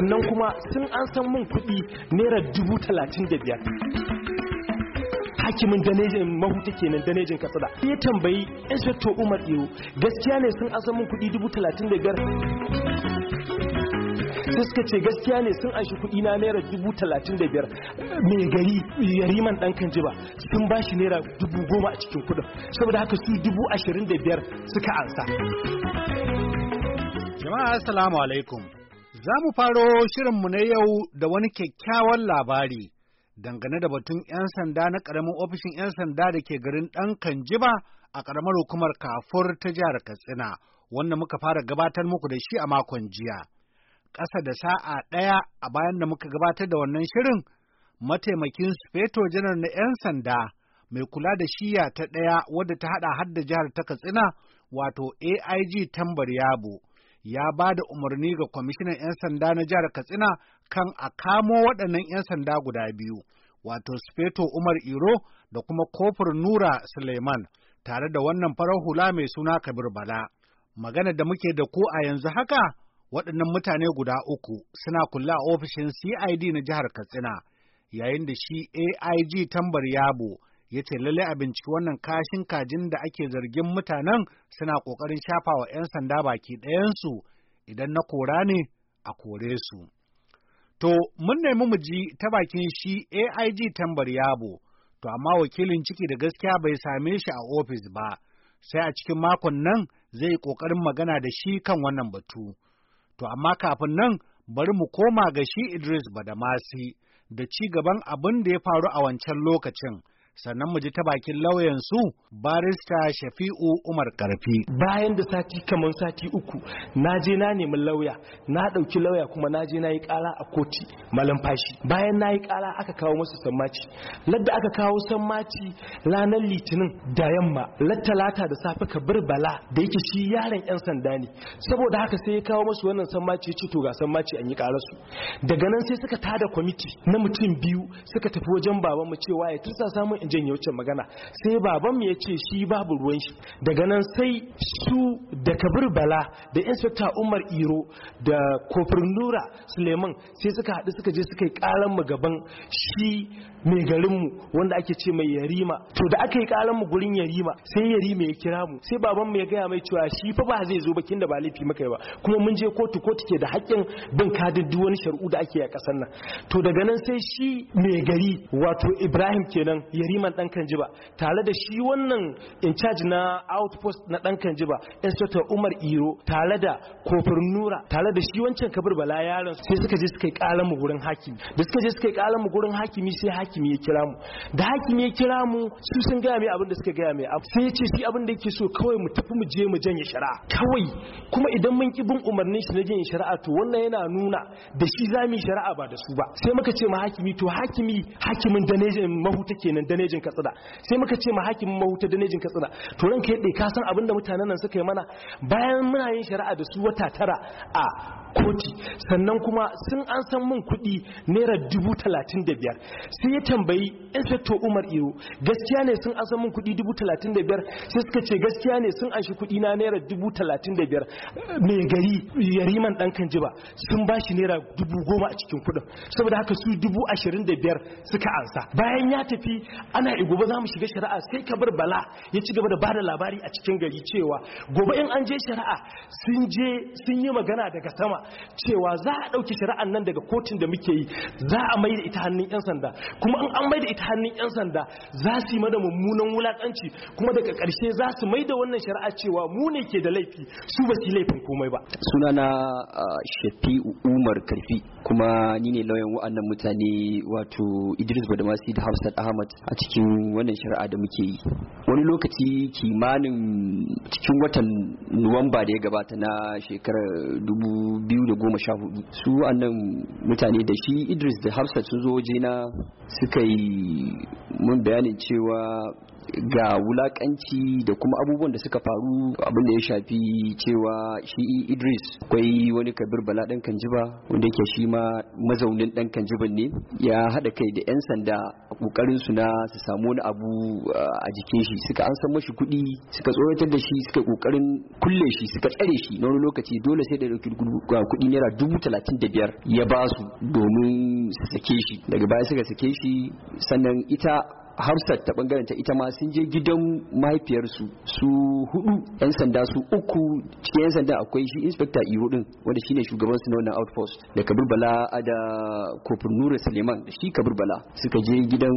sannan kuma sun an san mun kuɗi naira dubu talatin da biyar hakimin danejin mahuta kenan danejin kasada ya tambayi inspector umar iyo gaskiya ne sun an san mun kuɗi dubu talatin da biyar sai suka ce gaskiya ne sun anshi kuɗi na naira dubu talatin da biyar mai gari yariman ɗan kan jiba sun ba shi naira dubu goma a cikin kuɗin saboda haka su dubu ashirin da biyar suka ansa jama'a assalamu alaikum Za mu faro shirinmu na yau da wani kyakkyawan labari dangane da batun 'yan sanda na ƙaramin ofishin 'yan sanda da ke garin ɗan Kanjiba a ƙaramar hukumar Kafur ta jihar Katsina, wanda muka fara gabatar muku da shi a makon jiya. Ƙasa da sa'a ɗaya a bayan da muka gabatar da wannan shirin, mataimakin Sufeto Janar na 'yan sanda mai kula da shiya ta ɗaya wadda ta haɗa har da jihar ta Katsina, wato AIG Tambar Yabo. ya ba da umarni ga kwamishinan 'yan sanda na jihar Katsina kan a kamo waɗannan 'yan sanda guda biyu, wato Sufeto Umar Iro da kuma Kofur Nura Suleiman, tare da wannan farar hula mai suna Kabir Bala. Magana da muke da ku a yanzu haka, waɗannan mutane guda uku suna kula a ofishin CID na jihar Katsina, yayin da shi AIG tambar yabo ya ce lallai a binciki wannan kashin kajin da ake zargin mutanen suna ƙoƙarin shafa wa 'yan sanda baki ɗayansu idan na kora ne a kore su. To, mun nemi mu ji ta bakin shi AIG tambar yabo, to amma wakilin ciki da gaskiya bai same shi a ofis ba, sai a cikin makon nan zai ƙoƙarin magana da shi kan wannan batu. To, amma kafin nan bari mu koma ga shi Idris Badamasi da ci gaban abin da ya faru a wancan lokacin. sannan mu ji ta bakin lauyansu barista shafi'u umar karfi bayan da sati kamar sati uku na je na nemi lauya na ɗauki lauya kuma na je na yi ƙara a koti malam fashi bayan na yi ƙara aka kawo masu sammaci ladda aka kawo sammaci ranar litinin da yamma lattalata da safe kabir bala da yake shi yaron yan sanda ne saboda haka sai ya kawo masu wannan sammaci ya ce to ga sammaci an yi ƙararsu daga nan sai suka tada kwamiti na mutum biyu suka tafi wajen baban mu cewa ya tursa samun in janye magana sai baban mu ya ce shi babu ruwan shi daga nan sai su da kabir bala da inspector umar iro da kofar nura suleiman sai suka haɗu suka je suka yi ƙaran mu gaban shi mai garinmu wanda ake ce mai yarima to da aka yi ƙaran mu gurin yarima sai yarima ya kira mu sai baban mu ya gaya mai cewa shi fa ba zai zo bakin da ba laifi maka ba kuma mun je kotu kotu ke da haƙƙin bin kadin duk wani shari'u da ake a ƙasar nan to daga nan sai shi mai gari wato ibrahim kenan ya ɗan dan kanjiba tare da shi wannan in charge na outpost na dan kanjiba inspector Umar Iro tare da kofar Nura tare da shi wancan kabir bala yaron sai suka je suka yi kalan mu gurin hakimi da suka je suka yi kalan mu gurin hakimi sai hakimi ya kira mu da hakimi ya kira mu su sun gaya mai abin da suka gaya mai sai ya ce shi abin da yake so kawai mu tafi mu je mu janye shari'a kawai kuma idan mun ki bin umarnin shi na janye shari'a to wannan yana nuna da shi za mu yi shari'a ba da su ba sai muka ce ma hakimi to hakimi hakimin da ne mahuta kenan da danejin katsina sai muka ce ma hakimin mahuta danejin katsina to ran kai ka san abin da mutanen nan suka yi mana bayan muna yin shari'a da su wata tara a koti sannan kuma sun an san min kuɗi naira dubu talatin da biyar sai ya tambayi inspector umar iro gaskiya ne sun an san min kuɗi dubu talatin da biyar sai suka ce gaskiya ne sun an shi kuɗi na naira dubu talatin da biyar mai gari yariman ɗan kan jiba sun ba shi naira dubu goma a cikin kuɗin saboda haka su dubu ashirin da biyar suka ansa bayan ya tafi ana yi gobe za mu shiga shari'a sai ka bar bala ya ci gaba da bada labari a cikin gari cewa gobe in an je shari'a sun sun yi magana daga sama cewa za a ɗauki shari'a nan daga kotun da muke yi za a mai da ita hannun 'yan sanda kuma in an mai da ita hannun 'yan sanda za su yi mada mummunan wulaƙanci kuma daga karshe za su mai da wannan shari'a cewa mu ne ke da laifi su ba su yi laifin komai ba sunana shafi umar karfi kuma ni ne lauyan wa'annan mutane wato idris badamasi da hafsat ahmad a cikin wannan shari'a da muke yi wani lokaci kimanin cikin watan nuwamba da ya gabata na shekarar 2014 su annan mutane da shi idris da hafsat sun zo na suka yi mun bayanin cewa ga wulakanci da kuma abubuwan da suka faru abin da ya shafi cewa shi Idris akwai wani kabir bala dan kanjiba wanda yake shi ma mazaunin dan kanjiban ne ya hada kai da yan sanda kokarin su na su samu wani abu a jikin shi suka an san mashi kuɗi suka tsoratar da shi suka kokarin kulle shi suka tsare shi na wani lokaci dole sai da dauki kudi naira dubu talatin da biyar ya ba su domin su sake shi daga baya suka sake shi sannan ita hafsat ta bangaren ta ita ma sun je gidan mahaifiyarsu su hudu yan sanda su uku cikin yan sanda akwai shi inspector iro din wanda shine shugaban su na wannan outpost da kabir bala da kofin nura suleiman da shi kabir bala suka je gidan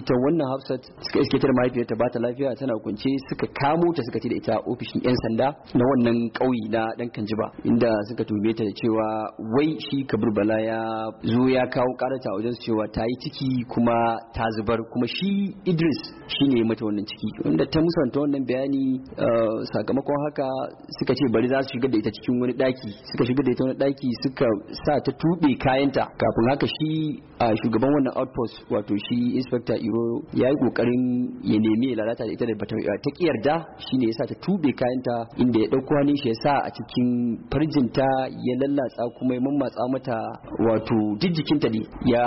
ita wannan hafsat suka iske ta mahaifiyar ta bata lafiya tana kunce suka kamo ta suka ce da ita ofishin yan sanda na wannan kauye na dan kanjiba inda suka tume ta da cewa wai shi kabir bala ya zo ya kawo karata wajen cewa ta yi ciki kuma ta zubar kuma kuma shi Idris shine ya mata wannan ciki wanda ta musanta wannan bayani uh, sakamakon haka suka ce bari za su shiga da ita cikin wani daki suka shiga da ita wani daki suka sa ta tube kayanta kafin haka shi a uh, shugaban wannan outpost wato shi inspector Iro ya yi kokarin ya nemi ya lalata da ita da bata ta kiyarda shine ya sa ta tube kayanta inda ya dauko hannun shi ya sa a cikin farjinta ya lallatsa kuma ya mammatsa mata wato jijjikinta ne ya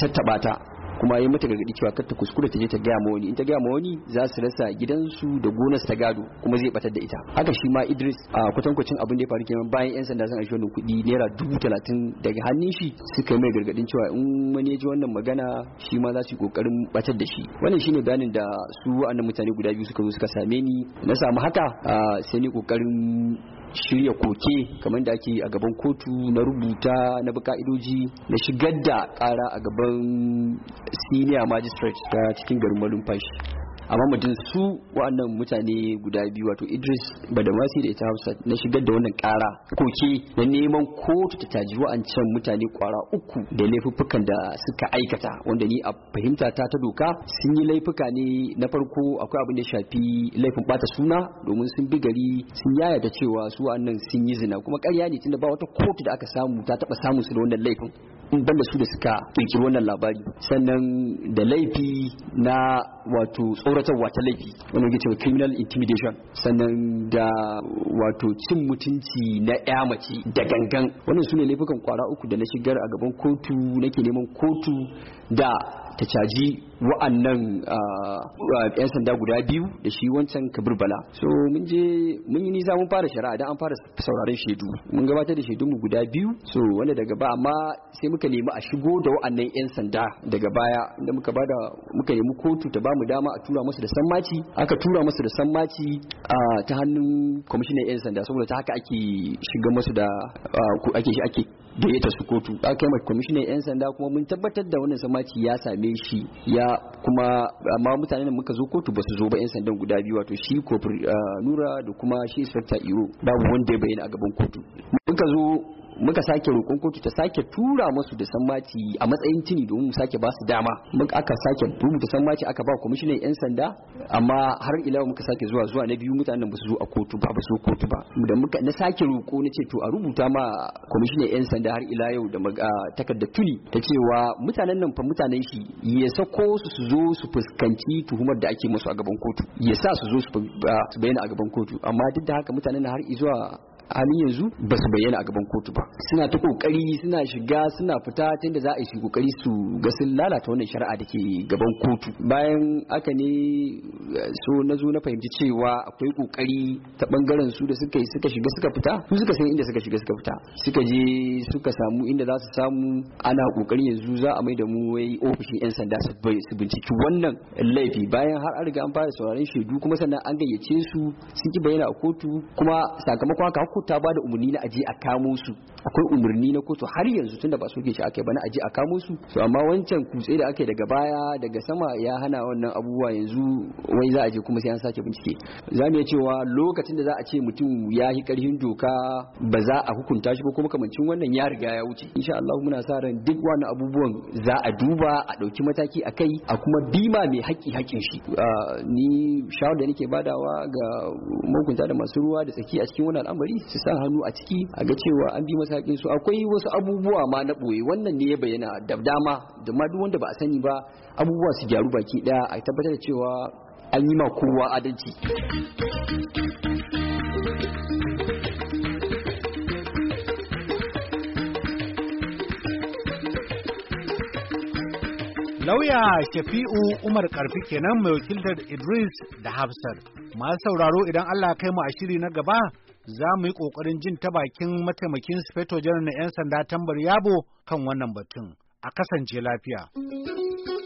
tattaba ta kuma yi mata gargaɗi cewa kar ta kuskure ta je ta gaya ma wani in ta gaya ma wani za su rasa gidansu da gonar ta gado kuma zai batar da ita haka shi ma Idris a kwatankwacin abin da ya faru kenan bayan yan sanda sun aishi wannan kuɗi naira dubu talatin daga hannun shi suka yi mai gargaɗin cewa in wani ya ji wannan magana shi ma za su yi ƙoƙarin batar da shi wannan shine bayanin da su wa'annan mutane guda biyu suka zo suka same ni na samu haka sai ni kokarin shirya koke kamar da ake a gaban kotu na rubuta na buka'idoji na shigar da kara a gaban senior magistrate ta cikin garin malumfashi amma mutum su waɗannan mutane guda biyu wato Idris Badamasi da ita hafsa na shigar da wannan ƙara koke na neman kotu ta taji wa'ancan mutane kwara uku da laifuffukan da suka aikata wanda ni a fahimta ta ta doka sun yi laifuka ne na farko akwai abin da shafi laifin bata suna domin sun bi gari sun yaya da cewa su wa'annan sun yi zina kuma karya ne tunda ba wata kotu da aka samu ta taɓa samun su da wannan laifin in banda su da suka kirkiri wannan labari sannan da laifi na wato tsoratarwa ta laifi wani yake cewa criminal intimidation sannan da wato cin mutunci na ya mace da gangan wannan su ne laifukan kwara uku da na shigar a gaban kotu nake neman kotu da ta caji wa'annan ah, ah, yan sanda guda biyu da shi wancan kabir bala so mun je mun yi nisa mun fara shari'a dan an fara sauraron shaidu mun gabatar da shaidu mu guda biyu so wanda daga ba amma sai muka nemi a shigo da wa'annan yan sanda daga baya inda muka bada muka nemi kotu ta bamu dama a tura musu da sammaci aka tura musu da sammaci ah, ta hannun kwamishinan yan sanda saboda ta haka ake shiga musu da ake da ya tasu kotu aka kai mai kwamishinan yan sanda kuma mun tabbatar da wannan samaci ya same shi ya kuma amma mutane da muka zo kotu ba su zo ba yan sandan guda biyu wato shi kofar ah, nura da kuma shi sarta iro babu wanda ya bayyana a gaban kotu muka zo muka sake roƙon kotu ta sake tura musu da sammaci a matsayin tuni domin mu sake ba su dama muka aka sake rubuta sammaci aka ba kwamishinan yan sanda amma har ila muka sake zuwa zuwa na biyu mutanen ba su zo a kotu ba ba su kotu ba da muka na sake roƙo na ce to a rubuta ma kwamishinan yan sanda har ila yau da takarda tuni ta cewa mutanen nan fa mutanen shi ya sako su su zo su fuskanci tuhumar da ake musu a gaban kotu ya sa su zo su bayyana a gaban kotu amma duk da haka mutanen har zuwa. halin yanzu ba su bayyana a gaban kotu ba suna ta kokari suna shiga suna fita tun da za a yi kokari su ga sun lalata wannan shari'a da ke gaban kotu bayan aka ne eh, so na zo na fahimci cewa akwai kokari ta bangaren su da suka yi suka shiga suka fita su suka san inda suka shiga suka fita suka je suka samu inda za su samu ana kokari yanzu za a mai da mu wai ofishin yan sanda su binciki wannan laifi bayan har an riga an fara sauraron shaidu kuma sannan an gayyace su sun ki bayyana a kotu kuma sakamakon haka ko ta bada umarni na aje a kamo su akwai umarni na kotu har yanzu tunda ba ke shi akai ba na aje a kamo su to amma wancan kutse da aka daga baya daga sama ya hana wannan abubuwa yanzu wai za a je kuma sai an sake bincike za mu iya cewa lokacin da za a ce mutum ya yi karfin doka ba za a hukunta shi ko kuma kamancin wannan ya riga ya wuce insha Allah muna sa ran duk wani abubuwan za a duba a dauki mataki a kai a kuma bima mai haƙƙi haƙƙin shi ni shawar da nake badawa ga mahukunta da masu ruwa da tsaki a cikin wannan al'amari su sa hannu a ciki a ga cewa an bi masakin su akwai wasu abubuwa ma na boye wannan ne ya bayyana da dama da ma duk wanda ba a sani ba abubuwa su gyaru baki daya a tabbatar da cewa an yi ma kowa adalci Lauya Shafi'u Umar Karfi kenan mai wakiltar Idris da hafsar Masu sauraro idan Allah kai mu a shiri na gaba za mu yi ƙoƙarin jin ta bakin mataimakin Sufeto Janar na 'yan sanda tambar yabo kan wannan batun. A kasance lafiya.